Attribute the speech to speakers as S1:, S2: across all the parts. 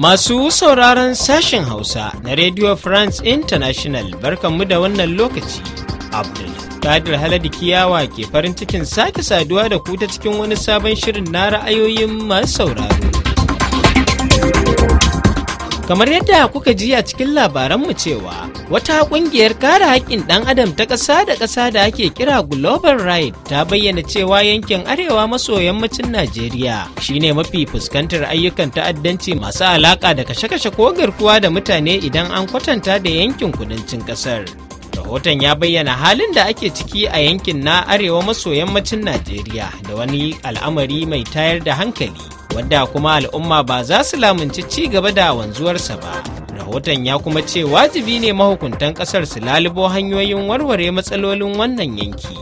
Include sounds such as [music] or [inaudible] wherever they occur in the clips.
S1: Masu sauraron sashen Hausa na Radio France International barkanmu da wannan lokaci. Abdul Kadir Haladi Kiyawa ke farin cikin sake saduwa da ku ta cikin wani sabon shirin na ra'ayoyin masu sauraro. kamar yadda kuka ji a cikin labaranmu cewa wata kungiyar kare haƙƙin ɗan adam ta ƙasa da ƙasa da ake kira global right ta bayyana cewa yankin arewa maso yammacin najeriya shine mafi fuskantar ayyukan ta'addanci masu alaƙa da kashe-kashe ko garkuwa da mutane idan an kwatanta da yankin kudancin ƙasar rahoton ya bayyana halin da ake ciki a yankin na arewa maso yammacin najeriya da wani al'amari mai tayar da hankali wadda kuma al'umma ba za su lamunci ci gaba da wanzuwarsa ba rahoton ya kuma ce wajibi ne mahukuntan kasar su lalubo hanyoyin warware matsalolin wannan yanki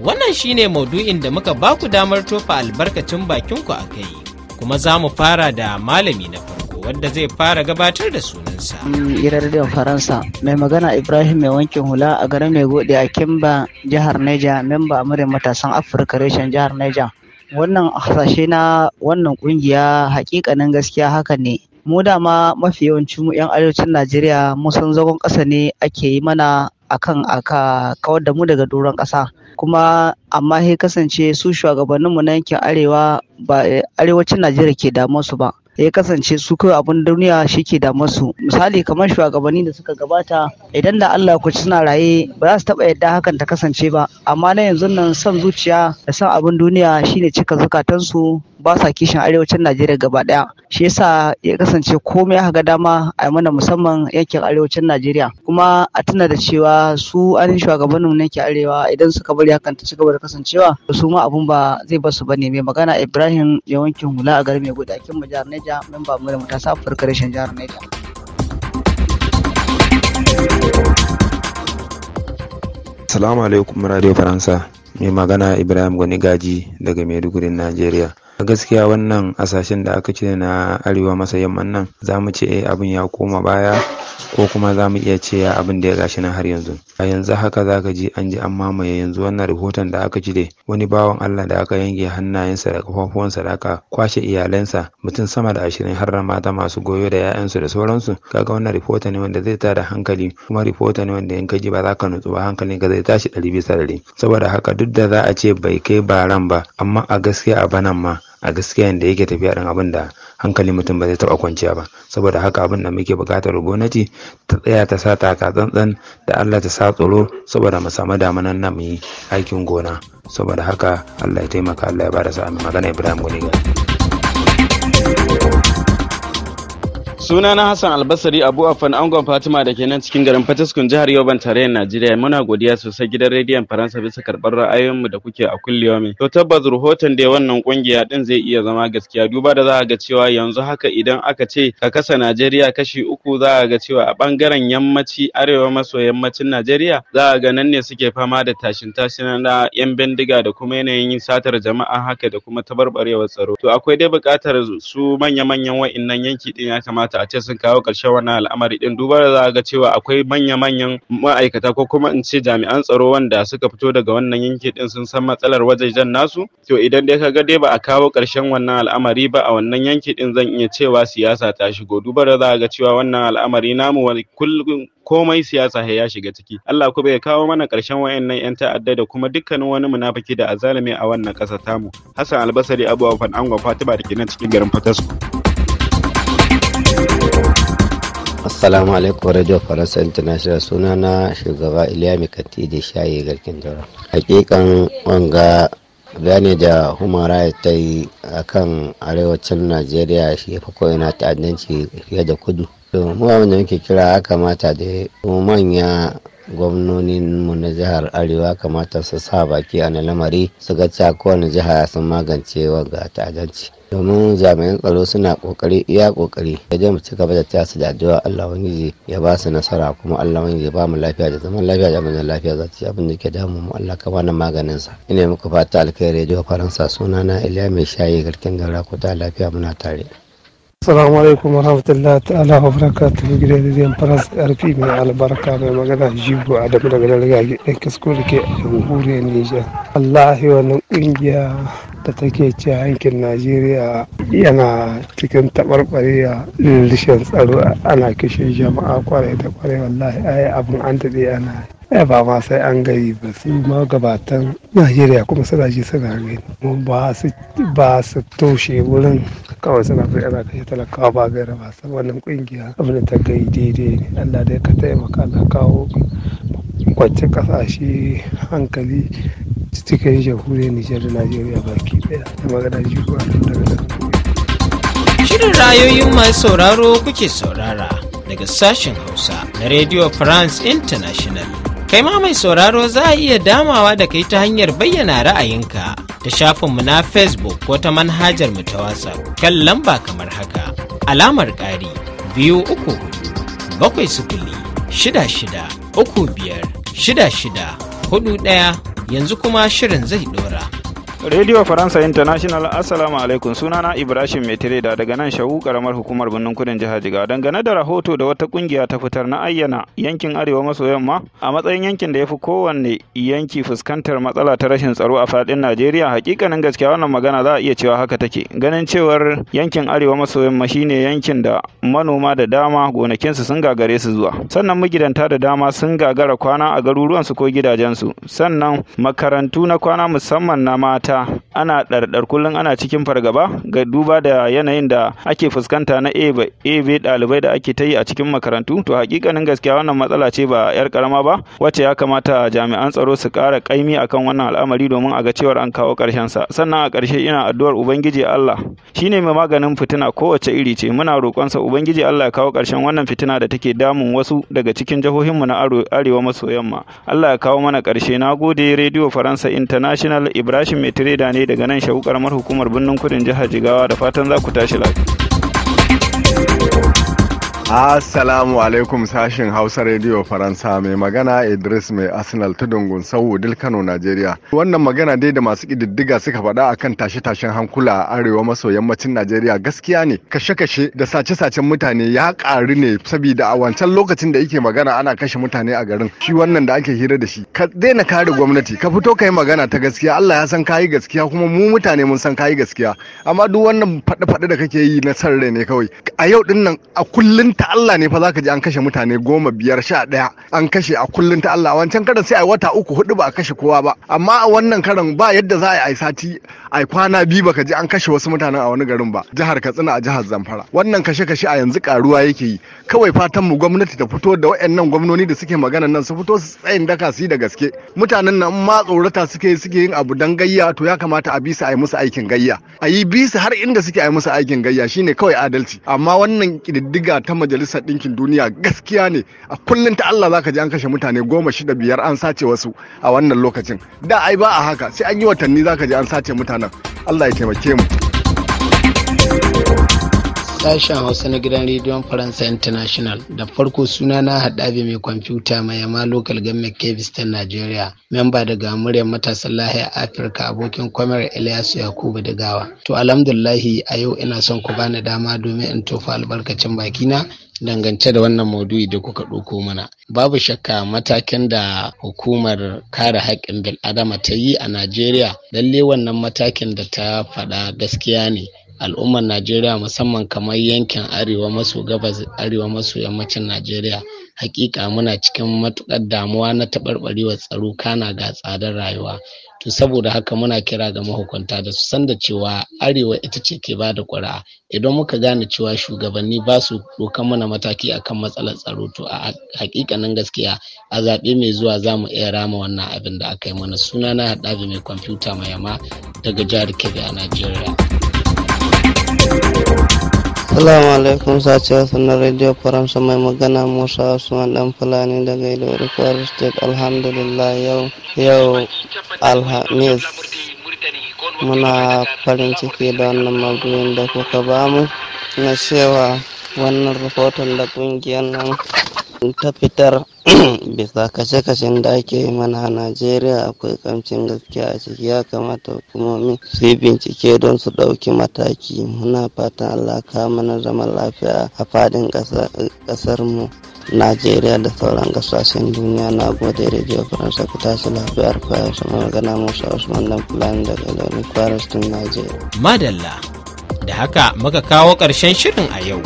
S1: wannan shine maudu'in da muka baku damar tofa albarkacin bakinku a kai kuma za mu fara da malami na farko wadda zai fara gabatar da sunansa.
S2: Gidan Faransa mai magana Ibrahim mai wankin hula a garin mai gode a Kimba jihar Neja memba amurin matasan Afirka reshen jihar Neja. wannan hasashe na wannan kungiya hakikanin gaskiya haka ne mu dama mafi yawancin mu 'yan arewacin najeriya musan san zagon ƙasa ne ake yi mana akan aka kawar da mu daga doron ƙasa kuma amma sai kasance su shugabanninmu na yankin arewa ba arewacin najeriya ke su ba da ya kasance su kawai abin duniya shi ke da masu misali kamar shugabanni da suka gabata idan da Allah ku suna raye ba za su taɓa yadda hakan ta kasance ba amma na yanzu nan son zuciya da son abin duniya shine cika zukatansu ba sa kishin arewacin Najeriya gaba daya shi yasa ya kasance komai aka ga dama a mana musamman yankin arewacin Najeriya kuma a tuna da cewa su an shugabannin ne ke arewa idan suka bari hakan ta cigaba da kasancewa su ma abun ba zai basu bane mai magana Ibrahim ya wankin hula a garin Maiduguri a kin jihar Niger memba mu da matasa Afirka reshen jihar Niger
S3: Assalamu alaikum Radio Faransa. Mai magana Ibrahim Gwani Gaji daga Maiduguri, Najeriya. a gaskiya wannan hasashen da aka ce na arewa masa yamman nan za mu ce eh, abin ya koma baya ko kuma za mu iya ce abin da ya gashi nan har yanzu a yanzu haka za ka ji an ji an mamaye yanzu wannan rahoton da aka cire wani bawan allah da aka yanke hannayensa da kafafuwansa da aka kwashe iyalansa mutum sama da ashirin har mata masu goyo da 'ya'yansu da sauransu kaga wannan rahoto ne wanda zai tada hankali kuma rahoto ne wanda in ka ji ba za ka nutsu ba hankali? ka zai tashi ɗari bisa ɗari saboda haka duk da za a ce bai kai baran ba amma a gaskiya a banan ma a gaskiya yadda yake tafiya din abin da hankali mutum ba zai taɓa kwanciya ba saboda haka abin da muke buƙatar gwamnati ta tsaya ta sa taka tsantsan da Allah ta sa tsoro saboda mu samu damunan nan mu yi aikin gona saboda haka Allah ya taimaka Allah ya bada sa'a magana Ibrahim Goniga.
S4: Suna na Hassan Albasari Abu Afan Angon Fatima da ke nan cikin garin Fataskun jihar Yoban tarayyar Najeriya muna godiya sosai gidan rediyon Faransa bisa karɓar ra'ayoyinmu da kuke a kulle kulliyomi. To tabbas rahoton da wannan kungiya din zai iya zama gaskiya duba da za a ga cewa yanzu haka idan aka ce ka kasa Najeriya kashi uku za a ga cewa a bangaren yammaci arewa maso yammacin Najeriya za ga nan ne suke fama da tashin tashin na yan bindiga da kuma yanayin satar jama'a haka da kuma tabarbarewar tsaro. To akwai dai buƙatar su manya-manyan wa'innan yanki din ya kamata a ce sun kawo ƙarshen wannan al'amari din duba da za ga cewa akwai manya-manyan ma'aikata ko kuma in ce jami'an tsaro wanda suka fito daga wannan yanki din sun san matsalar wajejen nasu to idan dai ka ga dai ba a kawo ƙarshen wannan al'amari ba a wannan yanki din zan iya cewa siyasa ta shigo duba da za ga cewa wannan al'amari namu wani kullum komai siyasa ya shiga ciki Allah ku bai kawo mana ƙarshen wayannan yan ta'adda da kuma dukkanin wani munafiki da azalimi a wannan ƙasa tamu Hassan Albasari Abubakar Angon Fatima da ke nan cikin garin Fatasku
S2: assalamu alaikum radio faransa international suna na shugaba iliya mikati da shayi garkin jara hakikan wanga gane da human rights ta yi a kan arewacin najeriya shi ya fi yana ta'addanci fiye da kudu mu wanda muke kira ya kamata da manya gwamnonin mu na jihar arewa kamata su sa baki a na lamari su ga cewa kowane jiha sun magance ga ta'addanci domin jami'an tsaro suna kokari iya kokari da mu ci gaba da tasu da addu'a Allah wani ya ba su nasara kuma Allah wani ya ba mu lafiya da zaman lafiya da zaman lafiya za ci abin da ke damu mu Allah ka bani maganin sa ina muku fata alkai da faransa sunana Iliya mai shayi garkin gara ku ta lafiya muna tare Assalamu alaikum warahmatullahi ta'ala wa barakatuhu gidan faras karfi mai albarka mai magana jigo a daga dalgage ɗan kisko da ke Nijar. Allahi wannan ƙungiya da take ci hankin Najeriya yana cikin taɓarɓarewa lishin tsaro ana kishin jama'a kwarai da kwarai wallahi ai abin an daɗe ana ai ba sai an gari ba ma gabatan najeriya kuma suna ji suna gani ba su wurin kawai suna fi ana kashe talakawa ba ga raba sai wannan kungiya abin da ta gai daidai ne allah dai ka taimaka na kawo kwacce kasashe hankali cikin jamhuriyar nijar da najeriya baki daya da magana jiru a daga
S1: shirin rayoyin masu sauraro kuke saurara daga sashen hausa na radio france international kai ma mai sauraro za a iya damawa da kai ta hanyar bayyana ra'ayinka ta shafinmu na Facebook ko ta manhajar mu ta WhatsApp kan lamba kamar haka. Alamar ƙari biyu uku hudu bakwai sifili shida shida uku biyar shida shida hudu ɗaya yanzu kuma shirin zai ɗora.
S3: Radio Faransa International Assalamu alaikum sunana Ibrahim Metireda daga nan shahu karamar hukumar birnin kudin jihar Jigawa dangane da rahoto da wata kungiya ta fitar na ayyana yankin arewa maso yamma a matsayin yankin da ya fi kowanne yanki fuskantar matsala ta rashin tsaro a fadin Najeriya hakikanin gaskiya wannan magana za a iya cewa haka take ganin cewar yankin arewa maso yamma shine yankin da manoma da dama gonakinsu sun gagare su zuwa sannan magidanta da dama sun gagara kwana a garuruwansu ko gidajensu sannan makarantu na kwana musamman na mata ta ana ɗarɗar kullum ana cikin fargaba ga duba da yanayin da ake fuskanta na AB ɗalibai da ake ta yi a cikin makarantu to hakikanin gaskiya wannan matsala ce ba yar karama ba wacce ya kamata jami'an tsaro su ƙara ƙaimi akan wannan al'amari domin a ga cewar an kawo ƙarshen sa sannan a ƙarshe ina addu'ar ubangiji Allah shine mai maganin fitina kowace iri ce muna roƙonsa ubangiji Allah ya kawo ƙarshen wannan fitina da take damun wasu daga cikin jihohinmu na arewa maso yamma Allah ya kawo mana ƙarshe na gode rediyo faransa international ibrahim tireda ne daga nan shawukar hukumar birnin kudin jihar jigawa da fatan za ku tashi lafiya
S5: Assalamu alaikum sashin Hausa Radio Faransa mai magana Idris mai Arsenal ta Gunsau Kano Najeriya. Wannan magana dai da masu ƙididdiga suka faɗa akan tashe-tashen hankula a arewa maso yammacin Najeriya gaskiya ne. Kashe-kashe da sace-sacen mutane ya ƙaru ne saboda a wancan lokacin da yake magana ana kashe mutane a garin. Shi wannan da ake hira da shi. Ka daina kare gwamnati, ka fito ka yi magana ta gaskiya. Allah ya san kayi gaskiya kuma mu mutane mun san kayi gaskiya. Amma duk wannan faɗe-faɗe da kake yi na san rai ne kawai. A yau ɗin a kullum ta Allah ne fa za ka ji an kashe mutane goma biyar sha ɗaya an kashe a kullum ta Allah wancan karan sai a wata uku hudu ba a kashe kowa ba amma a wannan karan ba yadda za a yi sati a kwana biyu baka ji an kashe wasu mutanen a wani garin ba jihar Katsina a jihar Zamfara wannan kashe-kashe a yanzu karuwa yake yi kawai fatan mu gwamnati ta fito da wayannan gwamnoni da suke magana nan su fito su tsayin daka su da gaske mutanen nan ma tsorata suke suke yin abu dan gayya to ya kamata a bi su a yi musu aikin gayya a yi bi har inda suke a yi musu aikin gayya shine kawai adalci amma wannan kididdiga ta majalisar ɗinkin duniya gaskiya ne a kullum ta Allah zaka ji an kashe mutane goma shida biyar an sace wasu a wannan lokacin da ai ba a haka sai an yi watanni zaka ji an sace mutanen Allah ya taimake mu.
S6: Sashen Hausa na gidan rediyon Faransa International da farko suna na haɗabi mai kwamfuta mai yama lokal government Kebis nigeria Najeriya, memba daga muryar matasan lahiyar Afirka abokin kwamar Ilyasu Yakubu da gawa. To alhamdulahi a yau ina son ku bani dama domin in tofa albarkacin bakina dangance da wannan maudu'i da kuka ɗauko mana babu shakka matakin da hukumar kare haƙƙin bil'adama ta yi a najeriya lalle wannan matakin da ta faɗa gaskiya ne al'ummar najeriya musamman kamar yankin arewa maso gabas arewa maso yammacin najeriya hakika muna cikin matukar damuwa na taɓarɓarewar tsaro kana ga tsadar rayuwa to saboda haka muna kira ga mahukunta da su san da cewa arewa ita ce ke ba da ƙuri'a idan muka gane cewa shugabanni ba su ɗaukan mana mataki akan matsalar tsaro to a hakikanin gaskiya a zaɓe mai zuwa za mu iya rama wannan abin da aka yi mana suna na haɗabi mai kwamfuta mai yama daga jihar kebbi a najeriya
S2: Assalamu alaikum wasu na Radio Faransa mai magana Musa Usman dan Fulani daga Ilori Kwaro State Alhamdulillah yau yau Alhamis muna farin ciki da wannan magoyin da kuka bamu na wannan rahoton da kungiyar nan ta fitar [clears throat] bisa kashe-kashen da ake yi mana a najeriya akwai kamcin gaskiya a ciki ya kamata hukumomi su yi bincike don su ɗauki mataki muna fatan allah ka mana zaman lafiya a fadin ƙasar mu najeriya da sauran gasashen duniya na gode radio faransa ku tashi lafiyar fayar su magana musa usman dan fulani daga launin tun najeriya
S1: madalla da haka muka kawo ƙarshen shirin a yau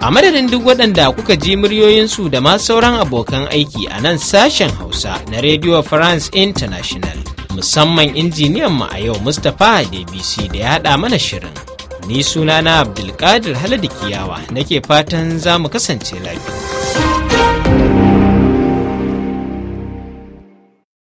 S1: A madadin duk waɗanda kuka ji muryoyinsu da ma sauran abokan aiki a nan sashen Hausa na Radio France International. Musamman injiniyan mu a yau Mustapha DBC da ya haɗa mana shirin. Ni sunana Abdulkadir haladikiyawa Kiyawa nake fatan za mu kasance lafiya.